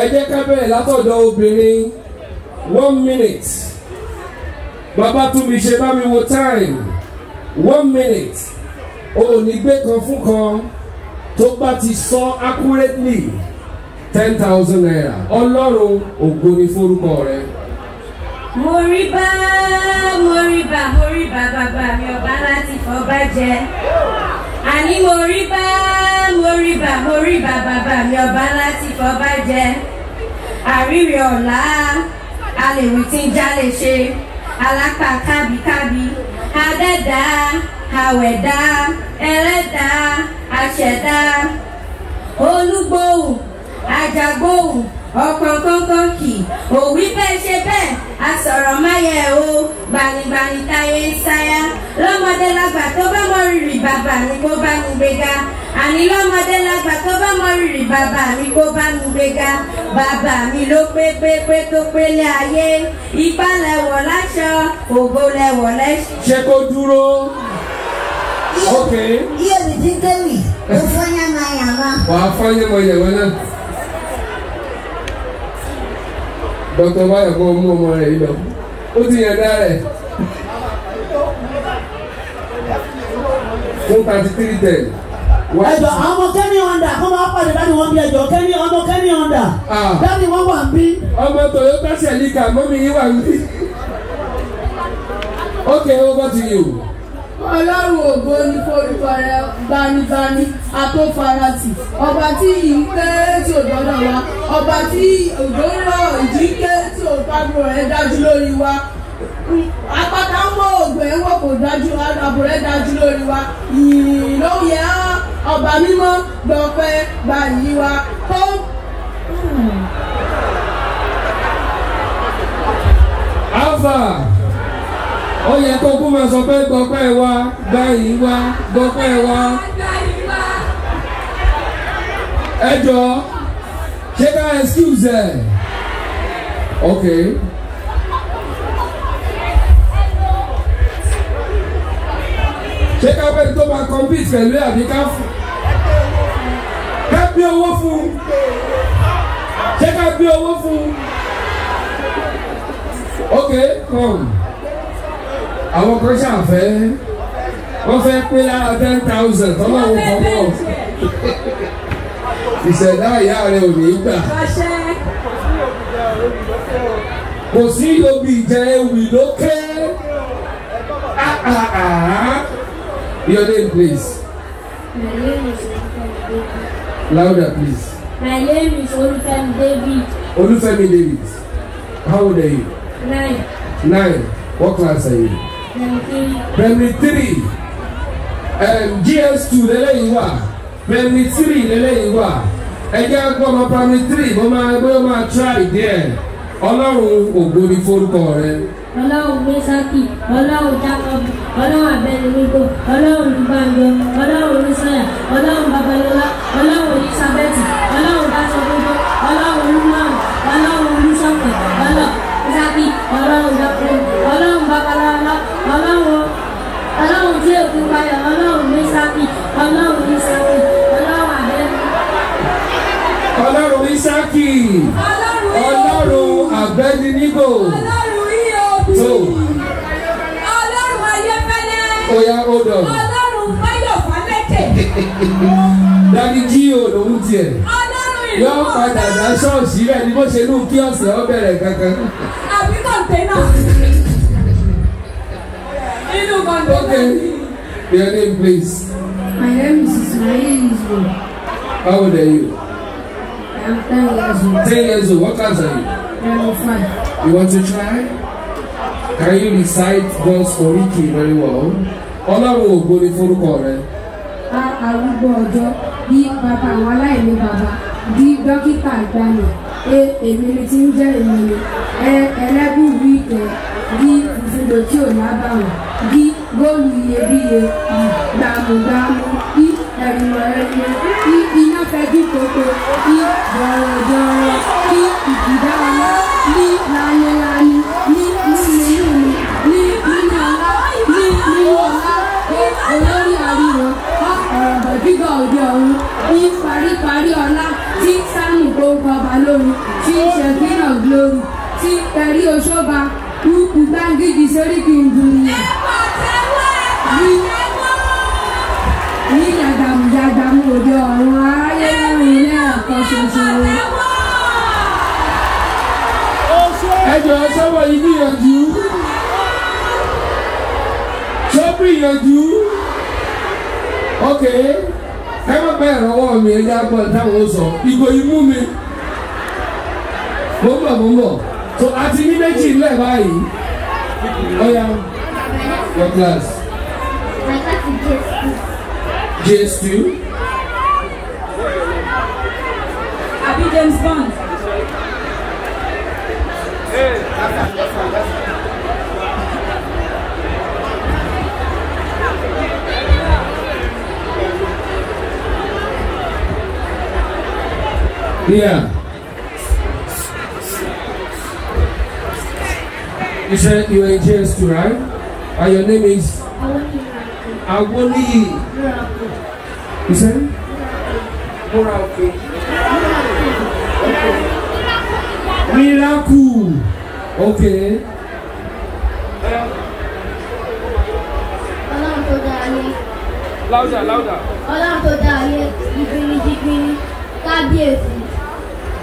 ẹ jẹ́ ká bẹ̀rẹ̀ látọ̀dọ̀ obìnrin one minute bàbá tún ṣe bá mi wo time one minute òní gbé kan fún kan tó bá ti sọ accurately ten thousand naira ọlọ́run ògo ni forúkọ rẹ. mo rí bá mo rí bá mo rí bá bàbá mi ọba láti fọ́ bá jẹ àní mo rí bá mo rí bá mo rí bá bàbá mi ọba láti fọba jẹ àríwí ọ̀la alèwì tí ń jálè ṣe alápá kábíkábí adẹ́dá àwẹ̀dá ẹlẹ́dá àṣẹ̀dá olúgbòhùn àjàgbòhùn ọ̀pọ̀ kankan kì òwí bẹ́ẹ̀ ṣe bẹ́ẹ̀ asọ̀rọ̀ máyẹ̀ o gbanigbani táyé sáyà lọ́mọdé lágbà tó bá mọ rírì bàbá mi kó bá mi gbéga àní lọ́mọdé lágbà tó bá mọ rírì bàbá mi kó bá mi gbéga bàbá mi ló pé pé pé tó pélé ayé ipá lẹ̀wọ̀ láṣọ ògo lẹ̀wọ̀ lẹ́ṣọ. ṣé kó dúró. Okay. Iye mi ti kéwì, ó fọ́nyá máa yà wá. Wàá fọ́nyá máa yà wá náà. Dr. Báyọ̀ kó mú ọmọ rẹ̀ yìí lọ. Ó ti yàn dá rẹ̀. one thirty three àwọn ọmọ kẹ́ni ọ̀ndà kó máa pàdé dáàdi wọn bí ẹjọ kẹ́ni ọmọ kẹ́ni ọ̀ndà ah. dáàdi wọn wà ń bí. ọmọ toyota sẹlika mọ́mí yín wà ń bí. okay over to you. Ọlọ́run ògo ni forúkọ rẹ̀ gbanibani ọba tí yìí ń pẹ́ tí ò dọ́dọ̀ wa ọba tí òjò rọ̀ ìjì ń tí ò fagbọ̀ rẹ̀ dájú lórí wa apáta ń wọ ògùn ẹ̀ ń wọ kò dájú àbúrẹ́ dájú lórí wa yìnyín ló yẹ ọ́ ọba mímọ́ gbọ̀pẹ́ gbà yí wa kó. alfa ó yẹ kó kú máa sọ pé gbọ̀pẹ́ wa gbà yí wa gbọ̀pẹ́ wa ẹ jọ ṣé ká excuse ẹ ok. ṣé ká bẹ́ẹ̀ tó máa compete pẹ̀lú ẹ̀ àbí ká fún ká gbé owó fún ṣé ká gbé owó fún ok come àwọn kan ṣàfẹ́ wọ́n fẹ́ pé lára ten thousand tọ́lọ́wọ́ fọwọ́ ìṣẹ̀dá ìyá rẹ̀ ò ní gbà. kò sí obì jẹ ewì lókè. Ah, ah, ah. Your name, please. My name is Olufemi David. Louder, please. My name is Olufemi David. Olufemi David. How old are you? Nine. Nine. What class are you? Primary three. Um, GS2 lẹ́lẹ́yìn wà. Primary three lẹ́lẹ́yìn wà. Ẹ jẹ́ àgbọ̀ ọmọ primary three. Mo máa gbé ọmọ try there. Ọlọ́run ògo ni forúkọ rẹ ọlọ́run mẹ́sàkì ọlọ́run jákọ́bù ọlọ́run abẹ́niwígbò ọlọ́run gbàǹjọ ọlọ́run onísọ̀yà ọlọ́run babalọ́lá ọlọ́run onísàbẹ́tì ọlọ́run báṣọgbogbo ọlọ́run lúmọ̀rún ọlọ́run olúṣọ̀kẹ̀ ọlọ́run mẹ́sàkì ọlọ́run jákọ́bù ọlọ́run babalọ́lá ọlọ́run ọlọ́run tí èkó payọ̀ ọlọ́run mẹ́sàkì ọlọ́run onísàkì ọlọ́run abẹ́niwígbò ọlọ́run onísàkì ọlọ́run abẹ́niwígbò. oya hold dadi jí o lòun tiẹ̀. ọlọ́run yọ padà dá ṣọ́ọ̀ṣì rẹ̀ ni bó ṣe ní kí ọ̀sẹ̀ ọ bẹ̀rẹ̀ kankan. àbí kọ̀ǹtẹ́nà. inú kọ̀ǹtẹ́nà. okay your name please. my name is Ismail Isbo. how old are you. I'm ten years old. ten years old what class are you. level five. you want to try. Can you recite God's oriki very well? Ọlọ́run ògo ni forúkọ rẹ. A arúgbó ọjọ́ bí bàbá àwọn aláìní bàbá bí dókítà ìgbàanì e èmi ni ti ń jẹ́ èmi ni ẹ ẹlẹ́gùn bí ẹ bí ìfúnlò tí ò lábàwọ̀n bí góòlù iyebíye gbàmùgbàmù bí ẹ̀rìnmọ̀ ẹ̀rìnmọ̀ bí iná fẹ́jú koko bí jọ̀rọ̀jọ̀rọ̀ bí ìdìdá ọlọ́ bí lálẹ́lálẹ́. nínú ọlá pé olórí àríwọ̀ kọ́ ọ̀rọ̀ bọ̀ gígọ̀ òde ọ̀run ní paríparí ọlá tí sáàmù gbogbo ọba lórí tí ṣèkínà glory tí pẹ̀lú òṣòba rúkú gbáǹgìdì sórí kí n dùn yẹn. ní yàgàmùjàgàmù òde ọ̀run aráyé lẹ́nu ilé ẹ̀kọ́ ṣoṣo. ẹ jọ̀ọ́ sọ́wọ́ yìí níyànjú gbìyànjú ok ẹ má bẹ́ẹ̀ rọwọ́ mi ẹ jẹ́ àgbọ̀ táwọn sọ ìgò imú mi mo ń bọ̀ mo ń bọ̀ so àti ní méjì ńlẹ̀ báyìí ọ̀ya your class js two. àbí James Bond. Hey, that's, that's, that's, that's. Yeah. You said you are in JS too, right? And your name is? Awoniyi. You said? Muraoke. Miracle. Okay. Ọlọ́run tó dá ayé. Louder, louder. Ọlọ́run tó ayé, jìgbìrì jìgbìrì, kábíyèsí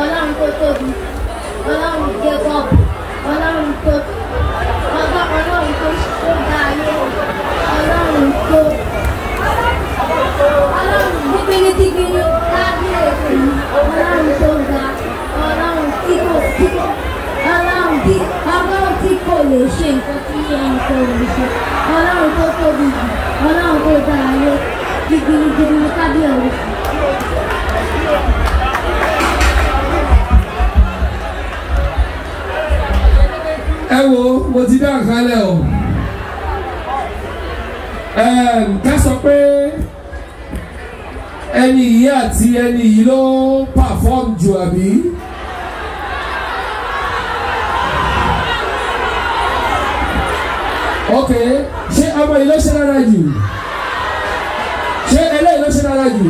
ọlọ́run tó tóbi ọlọ́run Jacob ọlọ́run tó ọgbọ́n ọlọ́run tó tó dá ayé ọlọ́run tó ọlọ́run gbígbíní gbígbíní lábẹ́rẹ́ mi ọlọ́run tó ga ọlọ́run tí kò tí kò ọlọ́run tí ọlọ́run tí kò lè ṣe nǹkan tí ẹnì kò lè ṣe mo ti dá nǹkan lẹ̀ o ká sọ pé ẹni yìí àti ẹni yìí ló pàfọ́m jù àbí. ok ṣé ọmọ yìí ló ṣe dára jù ṣé eléyìí ló ṣe dára jù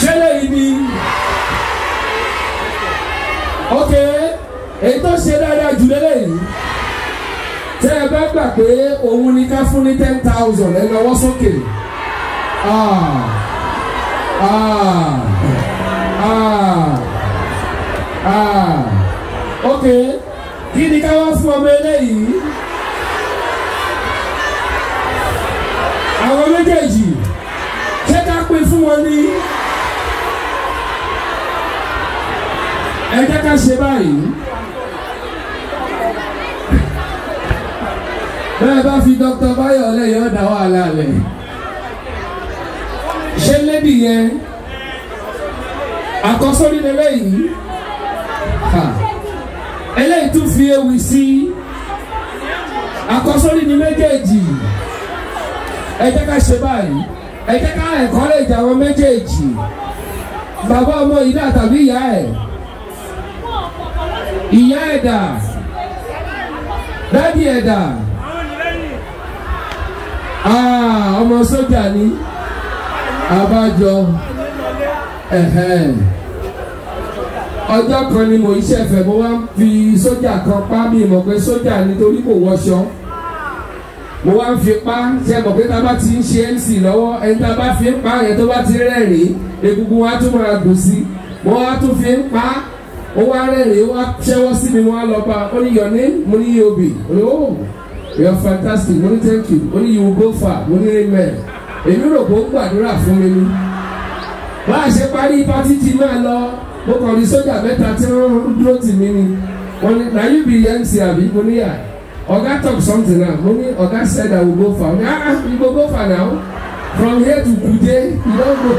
ṣé eléyìí ni ok èyí tó ṣe dáadáa jù lélẹ̀ yìí tẹ́ ẹ bá gbà pé òun ni ká fún ní ten thousand ẹ lọ́wọ́ sókè ah ah ah ah ok kí ni ká wá fún ọmọ eléyìí àwọn méjèèjì ṣé ká pín fún wọn ní. ẹ jẹ́ ká ṣe báyìí. bẹ́ẹ̀ bá fi dr bayo lẹ̀ yóò dá wàhálà lẹ̀ ṣé lẹ́dí yẹn àkọ́sórí lélẹ́yìí eléyìí tún fi ewì sí àkọ́sórí ni méjèèjì ẹ jẹ́ ká ṣe báyìí ẹ jẹ́ ká encourage àwọn méjèèjì bàbá ọmọ yìí dà tàbí ìyá ẹ̀ ìyá ẹ̀ dà dádì ẹ̀ dà. Ah, ọmọ sójà ni abájọ ọjọ́ kan ni mò ń ṣẹ̀fẹ̀ mo wá fi sójà kan pa mí mọ̀ pé sójà nítorí kò wọṣọ mo wá fi pa ṣe mọ̀ pé tá a bá ti ń ṣe MC lọ́wọ́ ẹni tá a bá fi ń pa yẹn tó bá ti rẹ́rìn-ín egungun wa tún máa dùn sí mo wá tún fi ń pa ó wá rẹ́rìn-ín ó wá ṣẹ́wọ́ sí mi mo wá lọ bá ó ní your name mo ní Yobi olówó you are fantastic mo ní thank you mo ní you will go far mo ní amen èmi rò pé ó ń gbàdúrà fún mi ni bá a ṣe parí pátí ti máa lọ mo kàn rí sójà mẹ́ta tí wọ́n ń dúró tì mí ni wọ́n ní na you be mc àbí mo ní yà Oga talk something now mo ní ọ̀gá said I will go far mo ní ah, ah you go go far now from here to Kuje you don go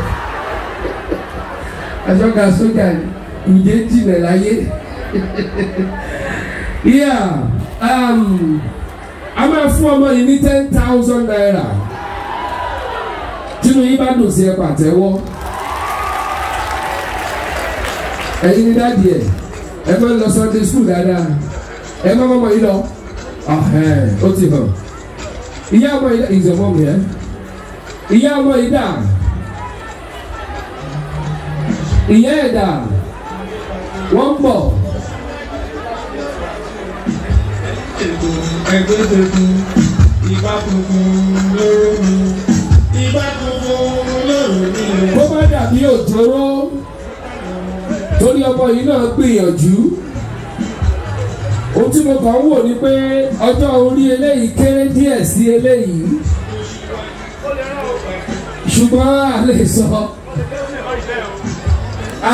àjọga sójà Kuje jìnnà láyé yeah. Um, a máa fún ọmọ yìí ní ten thousand naira tínú yín bá dùn sí ẹ pàtẹ́wọ́ ẹ̀yin ní dáàdì ẹ̀ ẹ máa ń lọ sunday school dáadáa ẹ máa mọ̀ yín lọ ó ti hàn ìyá ọmọ yìí ìzọ̀mọ́ mi ẹ́ ìyá ọmọ yìí dà ìyá ẹ̀ dà wọ́n ń ẹgbẹ́ tuntun ìbá tuntun lóró mi ìbá tuntun lóró mi. bó bá dàbí òjòrò torí ọmọ yìí náà gbìyànjú ohun tí mo kàn ń wò ni pé ọjọ́ orí eléyìí kéré díẹ̀ sí eléyìí ṣùgbọ́n a lè sọ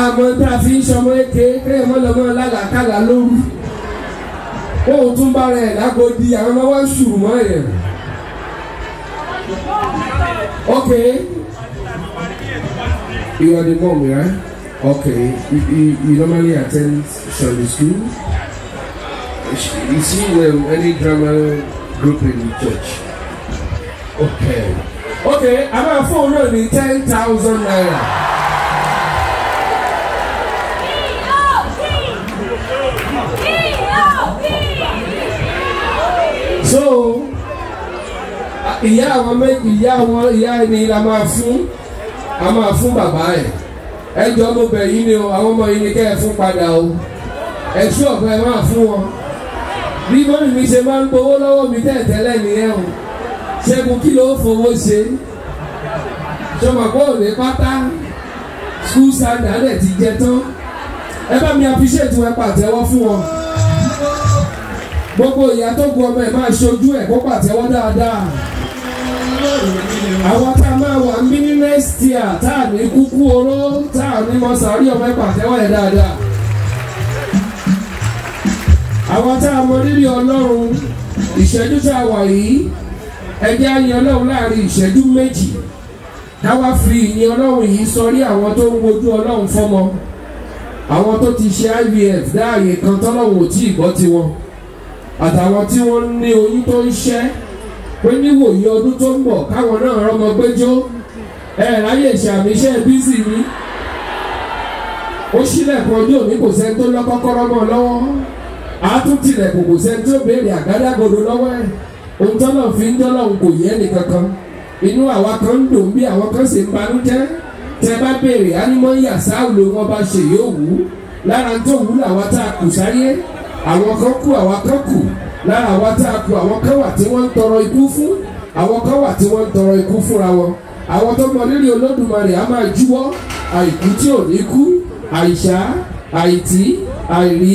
àmọ́ tá a fi ń sọmọ eke kéèmọ́ lọ́mọ́ lálàkàlà lóru kó o tún bára ẹ̀ lágodi àwọn ọmọ wa ń sùrù mọ́ yẹn. okay you are the mom right okay you, you, you normally attend Sunday school You see um, any drama group in the church okay okay a máa fún un ten thousand naira. ìyá àwọn méjì ìyá àwọn ìyá ni la máa fún a máa fún bàbá ẹ̀ ẹ jọ mo bẹ̀ yín ni o àwọn ọmọ yín ni kẹ́ ẹ fún padà o ẹ tú ọ̀pẹ ẹ máa fún wọn bí mọ́mí mi ṣe máa ń gbowó lọ́wọ́ mi tẹ̀tẹ́lẹ̀ nìyẹn o ṣẹ́gun kí ló fowó ṣe sọmọ̀pọ̀ òde pátá school standard dẹ̀ ti jẹ tán ẹ bá mi appreciate wọn pàtẹ́wọ́ fún wọn gbogbo ìyá tó gun ọmọ ẹ̀ máa ṣojú ẹ̀ kó pàtẹ́wọ́ dáadáa àwọn tá a máa wà ń bí ní next year tá a ní kúkú oró tá a ní mọ́sàárì ọmọ ẹ̀ pàtẹ́wọ̀ ẹ̀ dáadáa àwọn tá a mọ rírì ọlọ́run ìṣẹ́jú tá a wà yìí ẹjẹ́ á yan ọlọ́run láàrin ìṣẹ́jú méjì káwá fi ìyìn ọlọ́run yìí sọrí àwọn tó ń wojú ọlọ́run fọ́mọ àwọn tó ti ṣe IVF dáàyè kan tọ́lọ́run ò tí ì gbọ́ tiwọn àtàwọn tí wọ́n ní oyún tó ń ṣẹ́ pé níwòye ọdún tó ń bọ̀ káwọn náà rọmọ gbẹ́jọ́ ẹ ráyè ṣàmìṣẹ́ bísí ni ó ṣílẹ̀kùn ọdún òní kò sẹ́ni tó lọ́kọ́kọ́rọ́ mọ́ lọ́wọ́ àtúntìlẹ̀kùn kò sẹ́ni tó béèrè àgádágodo lọ́wọ́ ẹ̀ ohun tọ́lọ̀ fi ń dọ́lọ̀ kò yẹ nìkankan inú àwa kan ń dùn bí àwọn kan sì ń banú jẹ́ tẹ bá béèrè ánímọ́ yà sáwùlò wọn bá ṣe yóò wù lára tó wù làwọn tá a kù sáyé àwọn kan kù àwọn kan kù lára àwa tá a kú àwọn kan wà tí wọ́n ń tọrọ ikú fún àwọn kan wà tí wọ́n ń tọrọ ikú fúnra wọn àwọn tó mọ rírì olódùmarè á máa júwọ́ àìkú tí ò ní kú àìsá àìtí àìrí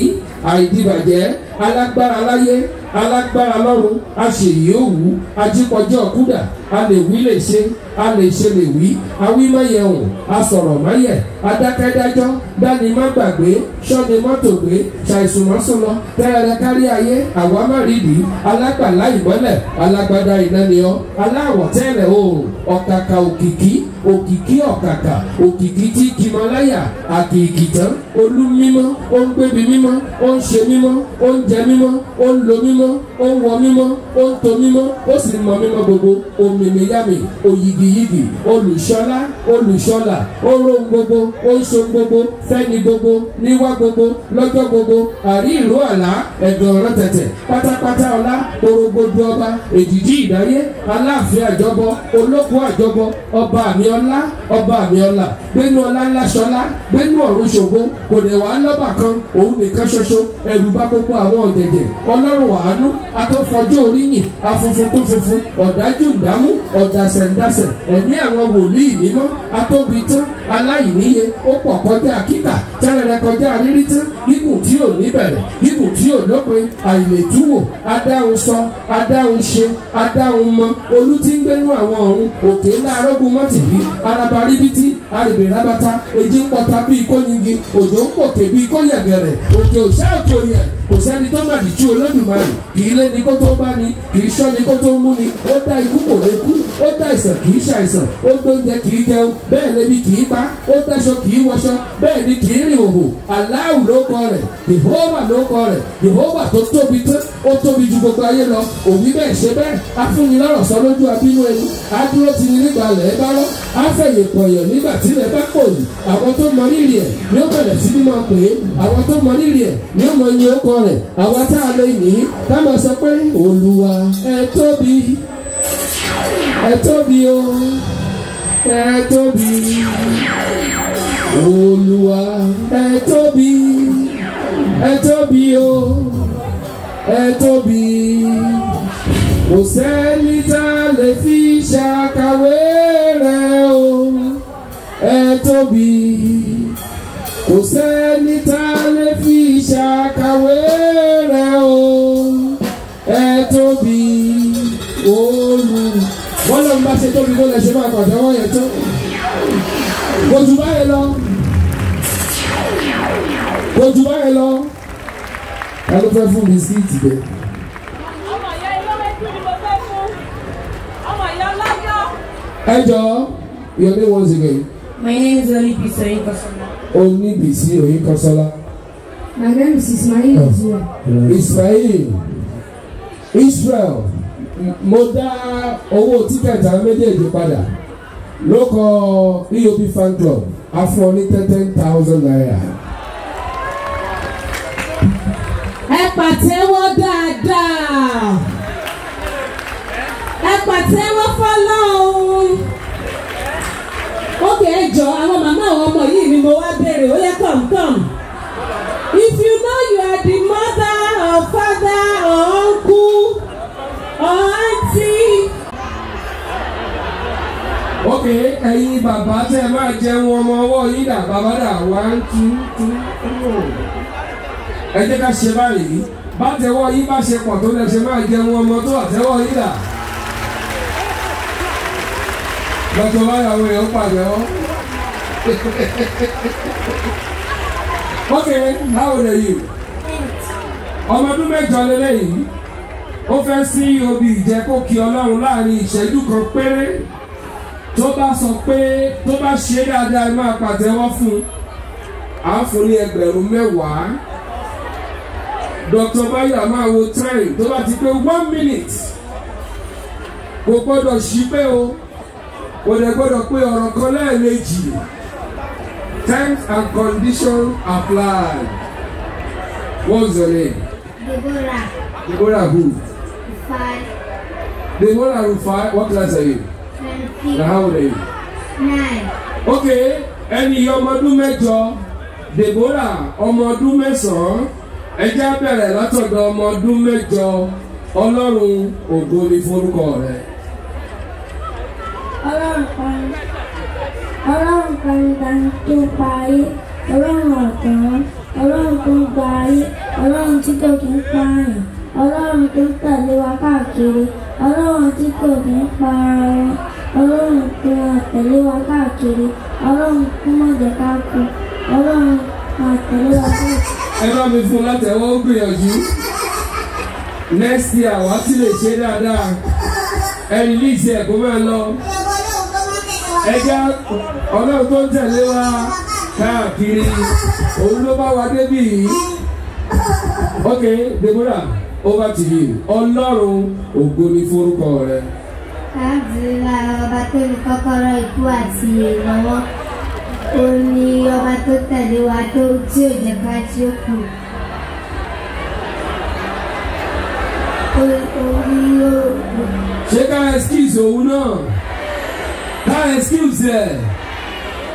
àìdìbàjẹ́ alágbára láyé alágbára lọ́run a ṣe èyí ó wù a jí kọjá ọ̀kúdà a lè wí lè ṣe a lè ṣe lè wí a wí mẹ́yẹ̀ hùn a sọ̀rọ̀ mẹ́yẹ̀ a dákẹ́ dájọ́ dání má gbàgbé sọ́ni mọ́tò gbé ṣàìsùn mọ́sùn lọ tẹ́rẹ̀rẹ́ kárí ayé àwa má rí bí alágbàlá ìmọ́lẹ̀ alágbádá ìnáni ọ aláwọ̀ tẹ́lẹ̀ oòrùn ọ̀kàkà òkìkí òkìkí ọ̀kàkà òkìkí tí kìmọ̀ láyà àkìkì tán olú mímọ́ ó ń gbébi mímọ́ ó ń ṣe mímọ́ ó ń jẹ mímọ́ ó ń lo mímọ́ ó ń wọ mímọ́ ó ń to mímọ́ ó sì mọ mímọ́ gbogbo òmìniryàmì òyìgìyìgì olùṣọ́lá olùṣọ́là ó rohun gbogbo ó ń so gbogbo fẹ́ni gbogbo níwá gbogbo lọ́jọ́ gbogbo àrí ìró àlá ẹ̀dùn ọ̀rọ̀ tẹ̀tẹ̀ pátápátá ọlá orogbodò ọba èdìdí ìdáyé aláàfin àjọbọ olóko àjọbọ ọba àmì ọ ọlá ọba àmì ọlá gbénú ọlá ńlá ṣọlá gbénú ọ̀run ṣògo kò dẹ̀ wá lọ́bà kan òun nìkan ṣoṣo ẹ̀rù bá gbogbo àwọn ọ̀dẹ̀dẹ̀ ọlọ́run àánú atọ́fọjọ́ oríyìn afunfun tó funfun ọ̀dájú ìdámú ọ̀dàsẹ̀ndàsẹ̀ ẹ̀mí àwọn wòlíì mímọ́ atóbi tán aláìníye ó pọ̀ kọjá kíkà tẹ́rẹ̀rẹ̀ kọjá rírí tán gígùn tí ò ní bẹ̀rẹ̀ gígùn tí ò lópin àìlètúwò adáhùn sọ adáhùn ṣe adáhùn mọ olú tí ń gbénú àwọn ọ̀run òkè ńlá arọ́gùnmọ́tì bí àbí araba ríbítí arìbè rábátá èjì ń pọta bí ikó òjò ń pòkè bí ikó yẹ̀gẹ̀rẹ̀ òkè òṣà òkè òyẹ̀ kò sẹ́ni tó màdì tí olódùmarè kì í lé ni kó tó bá ni kì í ṣọ́ ni kó tó mú ni ó dá ikú kò lè kú ó dá ìsàn kì í ṣàìsàn ó gbóúnjẹ kì í jẹun bẹ́ẹ̀ lẹ́bi kì í pa ó dáṣọ kì í wọṣọ bẹ́ẹ̀ ni kì í rìn òhò aláwù ló kọ rẹ̀ Jèhófà ló kọ rẹ̀ Jèhófà tó tóbi tó ó tóbi ju gbogbo ayé lọ òwí bẹ́ẹ̀ ṣe bẹ́ẹ̀ afúnilọ́rọ̀ sọ lójú abínú ẹnu adúró ti ní nígbà lẹ̀ bá rọ́ afẹ́yè pọ̀yọ̀ nígbà tí ilẹ̀ bá pòyì àwọn tó mọ rírì ẹ̀ ni ó bẹ̀rẹ̀ sí ní máa pè é àwọn tó mọ rírì ẹ̀ ni ó mọ iye ó kọ rẹ̀ àwa tá a lè ní ká máa sọ pé olúwa ẹ tóbi ẹ tóbi o ẹ tóbi olúwa ẹ tóbi ẹ tóbi o ẹ tóbi kò sẹ́ni tá a lè fi ṣàkàwé rẹ̀ o ẹ tóbi kò sẹ́ni tá a lè fi ṣàkàwé rẹ̀ o ẹ tóbi olú. wọ́n lọ́n bá ṣe tóbi kó lè ṣe máa pàtẹ́wọ́ yẹn tó. kò jù báyìí lọ kò jù báyìí lọ ta ló fẹ́ fún mi sí ìtìbẹ́. ọmọ ìyá ilé méjì ni mo fẹ́ fún ọmọ ìyá ọlájọ́. ẹ jọ your name once again. my name is Oli Peter Ibasan. O Onibisi Oyinkansola. My name is Ismail Israel. Ismail Israel mo dá owó tíkẹ̀tì àwọn méjèèjì padà lókọ EOB fan club afọ ní ten thousand naira. ẹ pàtẹ́wọ́ dáadáa ẹ pàtẹ́wọ́ fọlọ́ọ̀. mo wá béèrè ó yẹ come come if you know you are the mother or father or uncle or auntie. ok ẹ̀yin bàbá tẹ́ ẹ máa jẹun ọmọ ọwọ́ yín dà bàbá dà one two two three ẹ jẹ́ ká ṣe báyìí bá tẹwọ́ yín bá ṣe pọ̀ tó lẹ ṣe máa jẹun ọmọ tó àtẹwọ́ yín dà lọ́jọ́ báyàwó rẹ̀ ó pàdé ọ́. okay how old are you? ọmọ ọdún mẹ́jọ lélẹ́yìn ó fẹ́ sí obì ìjẹ́kókè ọlọ́run láàrin ìṣẹ́jú kan péré tó bá sọ pé tó bá ṣe dáadáa ẹ máa pàtẹ́wọ́ fún un á fún ní ẹgbẹ̀rún mẹ́wàá Dr. Bayo máa wo time tó bá ti pé one minute kò gbọ́dọ̀ ṣí pé o kò dẹ̀ gbọ́dọ̀ pé ọ̀rọ̀ kan lẹ́ẹ̀mejì. Terms and conditions apply. What's your name? Deborah. Deborah who? Rufai. Deborah Rufai, what class are you? Twenty. Now how old are you? Nine. Okay, ẹni ọmọ ọdún mẹ́jọ, Deborah ọmọ ọdún mẹ́sàn-án, ẹ jẹ́ bẹ̀rẹ̀ látọ̀dọ̀ ọmọ ọdún mẹ́jọ, Ọlọ́run ògo ni forúkọ rẹ̀. Ọlọ́run kan ọlọ́run gbangban tó pa ayé ọlọ́run ọ̀gán ọlọ́run tó ń gba ayé ọlọ́run tí kò kí ń pààyàn ọlọ́run tó ń tẹ̀lé wa káàkiri ọlọ́run tí kò kí ń pa ara ọlọ́run tó máa tẹ̀lé wa káàkiri ọlọ́run tó máa jẹ́ ọlọ́run máa tẹ̀lé wa káàkiri. ẹ bá mi fún látẹ̀wọ́ ó gbìyànjú next year wàá ti lè ṣe dáadáa ẹ rìlíìsì ẹ̀ kó máa lọ ẹ já ọlọ́run tó ń tẹ̀lé wa káàkiri òun ló bá wa débì yìí ok Deborah over to you ọlọ́run ògo ni forúkọ rẹ. káàdìrà ọba tó ní kọ́kọ́rọ́ ikú àti ìrànwọ́ ó ní ọba tó tẹ̀lé wa tó tí ò jẹ́ ká tí ó kù. ṣé ká excuse òun náà ká excuse ẹ̀.